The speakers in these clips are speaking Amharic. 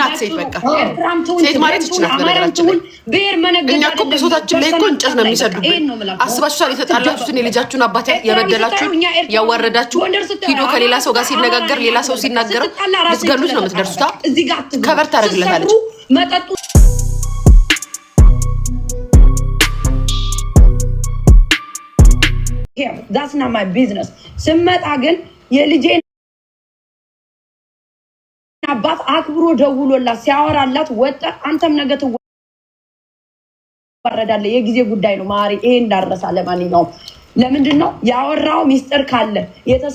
ናት ሴት በቃ ሴት ማለት ይችላል። በነገራችን እኛ እኮ ብሶታችን ላይ እኮ እንጨት ነው የሚሰዱብን። አስባችሁታል? የተጣላችሁትን የልጃችሁን አባት የበደላችሁን ያዋረዳችሁ ሂዶ ከሌላ ሰው ጋር ሲነጋገር ሌላ ሰው ሲናገረው ልትገሉት ነው የምትደርሱታ። ከበር ታደርግለታለች። ስመጣ ግን የልጄን አባት አክብሮ ደውሎላት ሲያወራላት ወጣ። አንተም ነገ ትዋረዳለህ። የጊዜ ጉዳይ ነው ማሪ። ይሄ እንዳረሳ። ለማንኛውም ለምንድን ነው ያወራው ሚስጥር ካለ የተሰ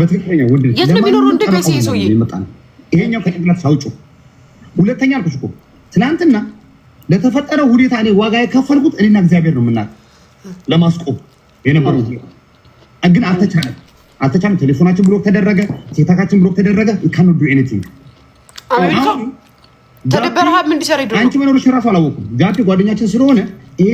በትክክለኛ ወንድ ልጅ ይሄኛው ከጭንቅላት ሳውጩ ሁለተኛ አልኩሽ እኮ ትናንትና ለተፈጠረው ሁኔታ እኔ ዋጋ የከፈልኩት እኔና እግዚአብሔር ነው የምናውቅ። ለማስቆም የነበሩ ግን አልተቻለም፣ አልተቻለም። ቴሌፎናችን ብሎክ ተደረገ፣ ሴታካችን ብሎክ ተደረገ። ካኖዱ ኤኒቲንግ ተደበረሃ ምንዲሰራ አንቺ መኖርሽ ራሱ አላወኩም። ጋ ጓደኛችን ስለሆነ ይሄ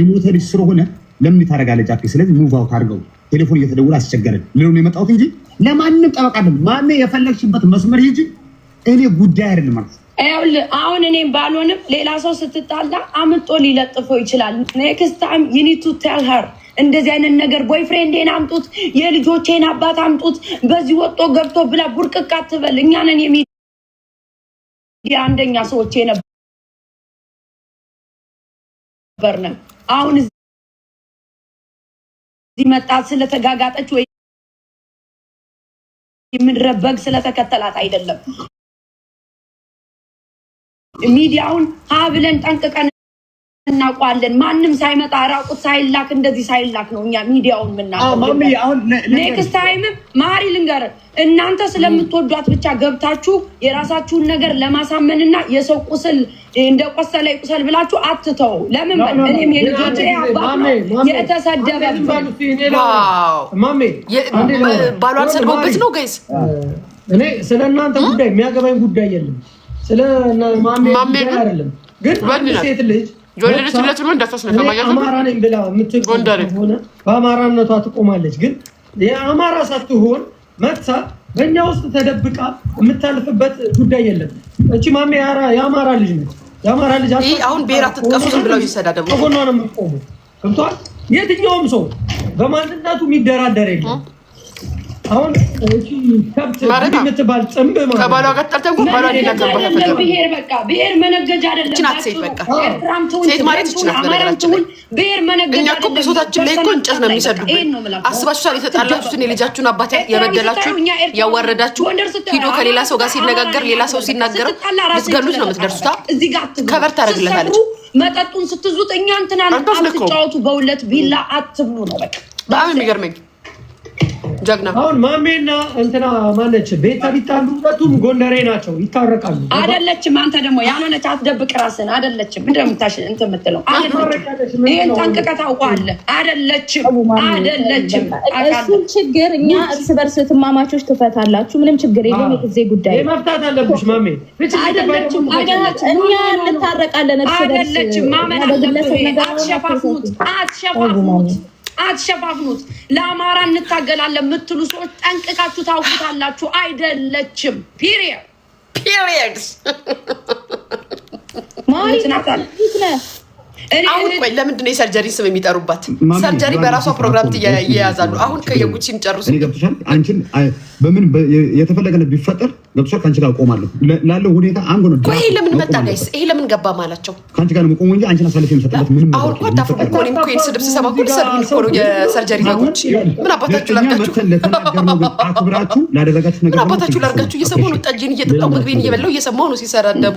የሞተ ልጅ ስለሆነ ለምን ታደርጋለህ ጫፊ? ስለዚህ ሙቭ አውት አድርገው። ቴሌፎን እየተደወለ አስቸገረን ልሉን የመጣሁት እንጂ ለማንም ጠበቃ አይደለም። ማነው የፈለግሽበት መስመር ሂጂ፣ እኔ ጉዳይ አይደለም ማለት ይኸውልህ አሁን እኔም ባልሆንም ሌላ ሰው ስትጣላ አምጦ ሊለጥፈው ይችላል። ኔክስት ታይም ዩ ኒድ ቱ ቴል ሀር እንደዚህ አይነት ነገር ቦይፍሬንዴን አምጡት፣ የልጆቼን አባት አምጡት፣ በዚህ ወጦ ገብቶ ብላ ቡርቅቅ አትበል። እኛንን የሚዲያ አንደኛ ሰዎች ነበርነ አሁን መጣት ስለተጋጋጠች ወይ የምድረ በግ ስለተከተላት አይደለም። ሚዲያውን ሀ ብለን ጠንቅቀን እናውቋለን ማንም ሳይመጣ ራቁት ሳይላክ እንደዚህ ሳይላክ ነው እኛ ሚዲያውን ምናኔክስት ታይም ማሪ ልንገር እናንተ ስለምትወዷት ብቻ ገብታችሁ የራሳችሁን ነገር ለማሳመንና የሰው ቁስል እንደ ቆሰለ ቁሰል ብላችሁ አትተው። ለምን እኔም የልጆች ነው የተሰደበ ባሏን ሰድቦበት ነው ገይስ። እኔ ስለ እናንተ ጉዳይ የሚያገባኝ ጉዳይ የለም። ስለ ማሜ አይደለም ግን አንድ ሴት ልጅ ጆሊትለትም በአማራነቷ ትቆማለች። ግን የአማራ ሳትሆን መጥታ በእኛ ውስጥ ተደብቃ የምታልፍበት ጉዳይ የለም። እቺ ማሜ የአማራ ልጅ ነው። የአማራ ልጅ አሁን ብሔር አትጥቀሱም ብለው ይሰዳደቡ። ከጎኗ ነው የምትቆሙ። ገብቷል። የትኛውም ሰው በማንነቱ የሚደራደር የለም። አሁን ከብት ላይ እንጨት ነው የሚሰዱብን። አስባችሁታል? የተጣላችሁትን የልጃችሁን አባት የበደላችሁ ያዋረዳችሁ ሂዶ ከሌላ ሰው ጋር ሲነጋገር ሌላ ሰው ሲናገረው ልትገሉት ነው የምትደርሱታ። ከበር ታደርግለታለች። መጠጡን ስትዙት እኛ እንትን አትጫወቱ፣ በሁለት ቢላ አትብሉ ነው በጣም የሚገርመኝ አሁን ማሜና እንትና ማነች ቤታ ቢጣሉ ሁለቱም ጎንደሬ ናቸው፣ ይታረቃሉ። አይደለችም? አንተ ደግሞ ያልሆነች አትደብቅ ራስን። አይደለችም? ምንድን እንትን የምትለው? ይህን ጠንቅቀህ ታውቀዋለህ። አይደለችም? አይደለችም። እሱን ችግር እኛ እርስ በርስ ትማማቾች ትፈታላችሁ። ምንም ችግር የለም። የጊዜ ጉዳይ መፍታት አለብሽ ማሜ። እኛ እንታረቃለን። አይደለችም። ማመን አለብህ። አትሸፋፍኑት፣ አትሸፋፍኑት አትሸፋፍኑት። ለአማራ እንታገላለን የምትሉ ሰዎች ጠንቅቃችሁ ታውቁታላችሁ። አይደለችም። ፒሪየድ ፒሪየድ አሁን ቆይ ለምንድን ነው የሰርጀሪ ስም የሚጠሩባት? ሰርጀሪ በራሷ ፕሮግራም የያዛሉ። አሁን ከየጉቺን ጨርሱ። በምን የተፈለገ ቢፈጠር ገብቶ ከአንቺ ጋር እቆማለሁ ላለው ሁኔታ አንጎ ነው። ይሄ ለምን መጣ ጋይስ? ይሄ ለምን ገባ ማላቸው? ከአንቺ ጋር መቆሙ እንጂ አንቺን አሳልፍ የሚሰጥበት ምንም። አሁን እኮ እኔም እኮ ስድብ ስሰማ እኮ እኮ ነው። የሰርጀሪ በጎች ምን አባታችሁ ላድርጋችሁ? አክብራችሁ ላደረጋችሁ ነገር ምን አባታችሁ እየሰማሁ ነው፣ ምግቤን እየሰማሁ ነው ሲሰዳደቡ።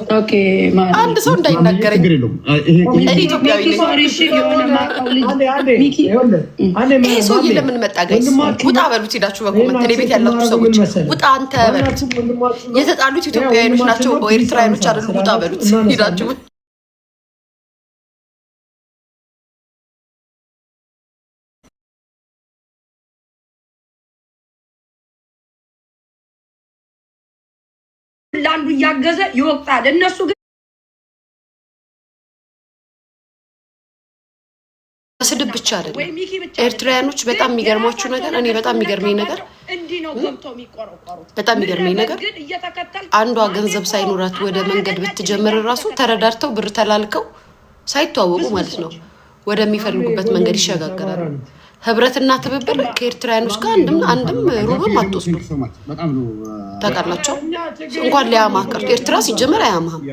አንድ ሰው እንዳይናገረኝ እኔ ኢትዮጵያዊ ነኝ። ይሄ ሰውዬ ለምን መጣ ጋይስ? ውጣ በሉት ሄዳችሁ በኮመንት እኔ ቤት ያላችሁ ሰዎች ውጣ አንተ የተጣሉት ኢትዮጵያውያኖች ናቸው ኤርትራውያኖች አይደሉም። ውጣ በሉት ሄዳችሁ ለአንዱ እያገዘ ይወቅጣል። እነሱ ግን አይደለም። ኤርትራውያኖች በጣም የሚገርማችሁ ነገር እኔ በጣም የሚገርመኝ ነገር በጣም የሚገርመኝ ነገር አንዷ ገንዘብ ሳይኖራት ወደ መንገድ ብትጀምር እራሱ ተረዳድተው ብር ተላልከው ሳይተዋወቁ ማለት ነው ወደሚፈልጉበት መንገድ ይሸጋገራሉ። ህብረትና ትብብር ከኤርትራውያኖች ጋር አንድም አንድም ሩብም አትወስዱ። ታውቃላቸው እንኳን ሊያማ ቀርቶ ኤርትራ ሲጀመር አያማህም።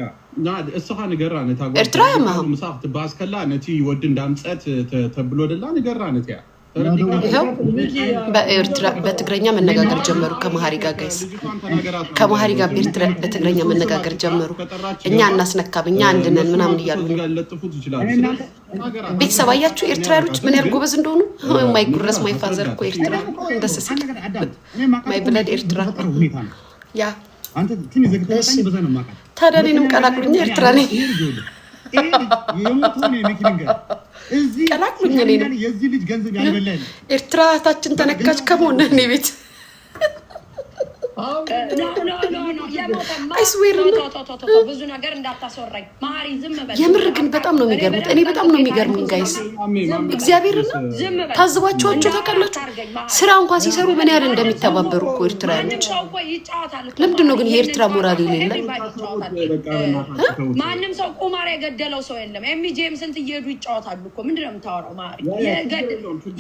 እስኻ ንገራ ኤርትራ አያማህም። ምሳክ ትባስ ነቲ ወድ እንዳምፀት ተብሎ ደላ ንገራ ነት ያ ይኸው በኤርትራ በትግረኛ መነጋገር ጀመሩ። ከመሀሪ ጋር ጋይስ ከመሀሪ ጋር በትግረኛ መነጋገር ጀመሩ። እኛ እናስነካም፣ እኛ አንድነን ምናምን እያሉ ቤተሰብ አያችሁ፣ ኤርትራውያኖች ምን ያህል ጎበዝ እንደሆኑ። ማይ ጉረስ ማይ ፋዘር እኮ ኤርትራ ደስ ሲል ማይ ብለድ ኤርትራ ያ ታዲያ እኔንም ቀላቅሉኛ ኤርትራ ነኝ። ቀላቅሉኝ። የዚህ ልጅ ገንዘብ ያልበላል። ኤርትራ ታችን ተነካች ከመሆነ እኔ ቤት ብዙ ነገር እንዳታስወራኝ ማሪ፣ ዝም በል። የምር ግን በጣም ነው የሚገርሙት። እኔ በጣም ነው የሚገርሙኝ ጋይስ፣ እግዚአብሔር ነው ታዝባችኋቸው ታውቃላችሁ። ስራ እንኳን ሲሰሩ ምን ያህል እንደሚተባበሩ እኮ ኤርትራያኖች። ለምንድን ነው ግን የኤርትራ ሞራል የሌለ? ማንም ሰው ቁማር የገደለው ሰው የለም። ኤሚጄም ስንት እየሄዱ ይጫወታሉ እኮ። ምንድን ነው የምታወራው ማሪ?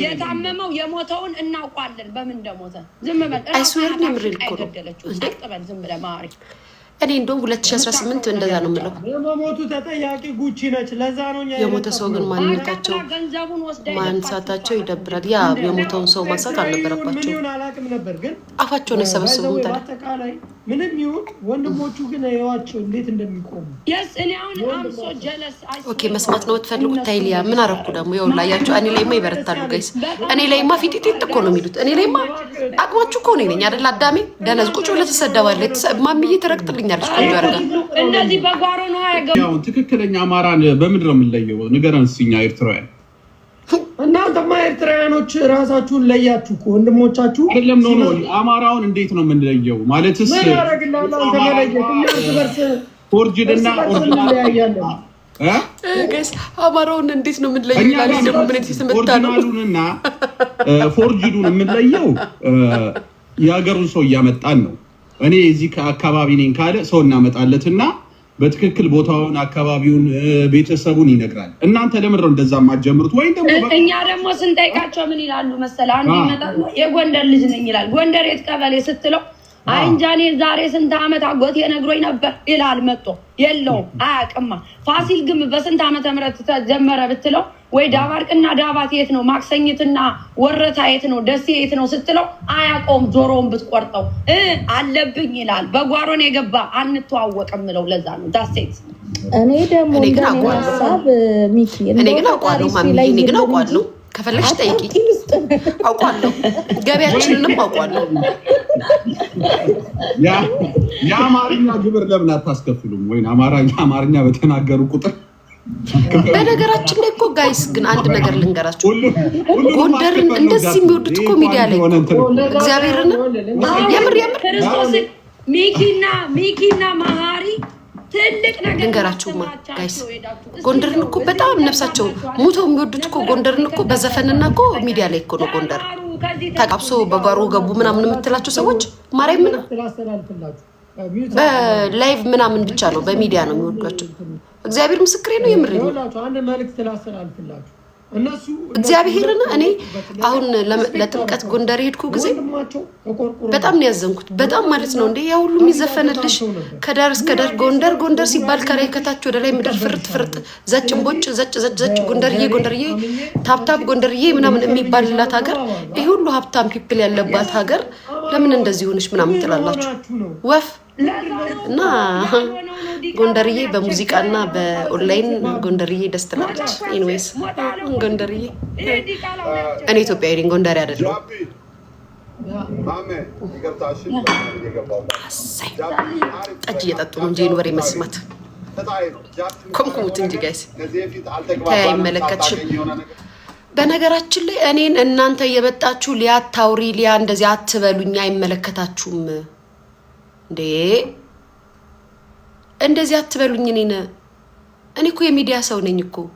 የታመመው የሞተውን እናውቋለን፣ በምን እንደሞተ። ዝም በል። አይስዌርን የምር ልኮ ነው ገደለችው። ዝም ብለህ ማሪ እኔ እንደውም 2018 እንደዛ ነው የምለው። የመሞቱ ተጠያቂ ጉቺ ነች። ለዛ ነው የሞተ ሰው ግን ማንነታቸው ማንሳታቸው ይደብራል። ያ የሞተውን ሰው ማንሳት አልነበረባቸው። አፋቸውን የሰበስቡታል። ምንም ይሁን ወንድሞቹ ግን የዋቸው እንዴት እንደሚቆሙ ኦኬ መስማት ነው የምትፈልጉት? ታይሊያ ምን አረኩ ደግሞ? ይኸውልህ አያችሁ፣ እኔ ላይማ ይበረታሉ ጋይስ። እኔ ላይማ ፊጢጢጥ እኮ ነው የሚሉት። እኔ ላይማ አቅማችሁ እኮ ነው ይለኝ አይደል? አዳሜ ደነዝ ቁጭ ብለህ ትሰደባለህ። ማሚዬ ትረግጥልኛለች ቆንጆ አድርጋ። እነዚህ በጓሮ ነው ያው ትክክለኛ አማራን በምንድን ነው የምንለየው? ንገረን እስኪ እኛ ኤርትራውያን እናንተማ ኤርትራውያኖች ራሳችሁን ለያችሁ እኮ ወንድሞቻችሁ። አይደለም ነው አማራውን እንዴት ነው የምንለየው? ማለትስ ምን ያደረግላለ አንተ መለየት እርስ በርስ ኦርጅንና አማራውን እንዴት ነው የምንለየው? ይላል ፎርጅዱን የምንለየው የሀገሩን ሰው እያመጣን ነው። እኔ እዚህ አካባቢ ነኝ ካለ ሰው እናመጣለትና በትክክል ቦታውን፣ አካባቢውን፣ ቤተሰቡን ይነግራል። እናንተ ለምንድን ነው እንደዛ የማትጀምሩት? ወይም ደግሞ እኛ ደግሞ ስንጠይቃቸው ምን ይላሉ መሰለህ? አንዱ ይመጣ የጎንደር ልጅ ነኝ ይላል። ጎንደር የት ቀበሌ ስትለው አይንጃኔ ዛሬ ስንት ዓመት አጎቴ ነግሮኝ ነበር ይላል መጥቶ የለው አያውቅማ። ፋሲል ግን በስንት ዓመተ ምህረት ተጀመረ ብትለው ወይ ዳባርቅና ዳባት የት ነው ማክሰኝትና ወረታ የት ነው ደሴ የት ነው ስትለው አያውቀውም። ጆሮውን ብትቆርጠው አለብኝ ይላል። በጓሮን የገባ አንተዋወቅም ምለው ለዛ ነው ዳሴት እኔ ደግሞ እንደኔ ሀሳብ ሚኪ እንደ ግን አውቀዋለሁ ከፈለግሽ ጠይቂ። አውቋለሁ፣ ገቢያችንንም አውቋለሁ። የአማርኛ ግብር ለምን አታስከፍሉም? ወይ አማርኛ በተናገሩ ቁጥር በነገራችን ላይ እኮ ጋይስ ግን አንድ ነገር ልንገራቸው። ጎንደርን እንደዚህ የሚወዱት እኮ ሚዲያ ላይ እግዚአብሔርን የምር የምር ሚኪና ሚኪና መሀሪ ልንገራችሁማ ጋይስ ጎንደርን እኮ በጣም ነፍሳቸው ሙተው የሚወዱት እኮ ጎንደርን እኮ በዘፈንና እኮ ሚዲያ ላይ እኮ ነው ጎንደር ተቃብሶ በጓሮ ገቡ ምናምን የምትላቸው ሰዎች ማርያም ምና በላይቭ ምናምን ብቻ ነው በሚዲያ ነው የሚወዷቸው። እግዚአብሔር ምስክሬ ነው የምር ነው። እግዚአብሔርን እኔ አሁን ለጥምቀት ጎንደር የሄድኩ ጊዜ በጣም ነው ያዘንኩት። በጣም ማለት ነው እንዴ ያ ሁሉ የሚዘፈንልሽ ከዳር እስከ ዳር ጎንደር ጎንደር ሲባል ከላይ ከታች ወደ ላይ ምድር ፍርጥ ፍርጥ ዘጭን ቦጭ ዘጭ ዘጭ ዘጭ ጎንደርዬ ጎንደርዬ ታብታብ ጎንደርዬ ምናምን የሚባልላት ሀገር ይህ ሁሉ ሀብታም ፒፕል ያለባት ሀገር ለምን እንደዚህ ሆነች ምናምን ትላላችሁ ወፍ እና ጎንደርዬ በሙዚቃና በኦንላይን ጎንደርዬ ደስ ትላለች። ኢንዌይስ ጎንደርዬ እኔ ኢትዮጵያዊ ነኝ፣ ጎንደር አይደለሁም። ጠጅ እየጠጡ ነው እንጂ ወሬ መስማት ኮምኩሙት እንጂ ጋይስ አይመለከትሽም። በነገራችን ላይ እኔን እናንተ እየመጣችሁ ሊያ ታውሪ ሊያ እንደዚህ አትበሉኛ፣ አይመለከታችሁም እንዴ እንደዚህ አትበሉኝ እኔን። እኔ እኮ የሚዲያ ሰው ነኝ እኮ